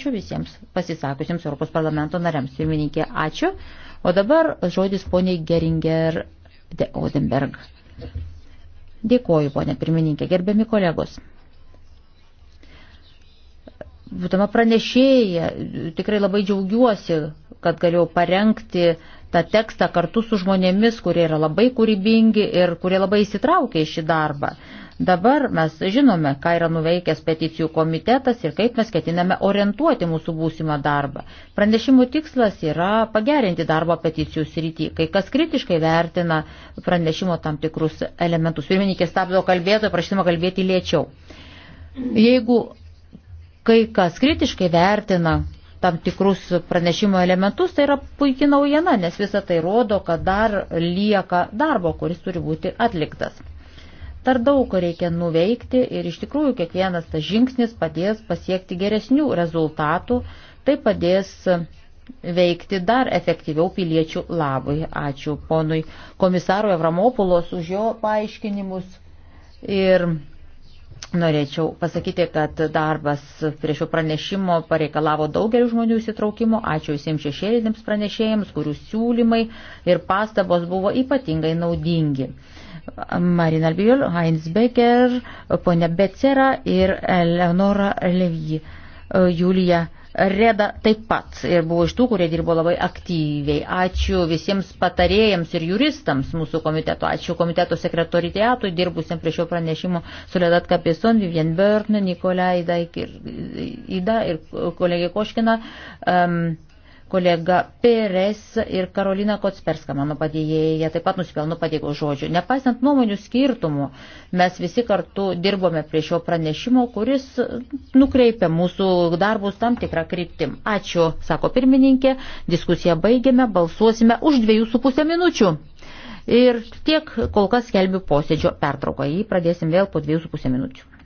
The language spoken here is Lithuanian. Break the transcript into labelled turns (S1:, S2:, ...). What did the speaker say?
S1: Ačiū visiems pasisakusiems Europos parlamento nariams. Pirmininkė, ačiū. O dabar žodis poniai Geringer de Odenberg. Dėkoju, ponė pirmininkė, gerbiami kolegos. Būtama pranešėja, tikrai labai džiaugiuosi, kad galėjau parengti tą tekstą kartu su žmonėmis, kurie yra labai kūrybingi ir kurie labai įsitraukia į šį darbą. Dabar mes žinome, ką yra nuveikęs peticijų komitetas ir kaip mes ketiname orientuoti mūsų būsimą darbą. Pranešimų tikslas yra pagerinti darbo peticijų srity, kai kas kritiškai vertina pranešimo tam tikrus elementus. Pirmininkė stabdo kalbėtoją, prašymą kalbėti lėčiau. Jeigu kai kas kritiškai vertina tam tikrus pranešimo elementus, tai yra puikia naujiena, nes visa tai rodo, kad dar lieka darbo, kuris turi būti atliktas. Dar daug ko reikia nuveikti ir iš tikrųjų kiekvienas tas žingsnis padės pasiekti geresnių rezultatų, tai padės veikti dar efektyviau piliečių labui. Ačiū ponui komisarui Avramopulos už jo paaiškinimus ir norėčiau pasakyti, kad darbas prie šio pranešimo pareikalavo daugelį žmonių įsitraukimo. Ačiū visiems šešėlinėms pranešėjams, kurių siūlymai ir pastabos buvo ypatingai naudingi. Marina Albiol, Heinz Becker, ponia Becera ir Eleonora Levy. Julija Reda taip pat ir buvo iš tų, kurie dirbo labai aktyviai. Ačiū visiems patarėjams ir juristams mūsų komiteto. Ačiū komiteto sekretoriatui dirbusiems prie šio pranešimo su Ledat Kapison, Vivien Börn, Nikolai Ida ir kolegė Koškina. Um, kolega Pires ir Karolina Kotsperska, mano padėjėja, taip pat nusipelno padėkos žodžių. Nepaisant nuomonių skirtumų, mes visi kartu dirbome prie šio pranešimo, kuris nukreipia mūsų darbus tam tikrą kryptim. Ačiū, sako pirmininkė, diskusiją baigėme, balsuosime už dviejų su pusę minučių. Ir tiek kol kas skelbiu posėdžio pertrauką. Jį pradėsim vėl po dviejų su pusę minučių.